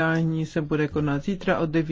Zasedání se bude konat zítra od 9.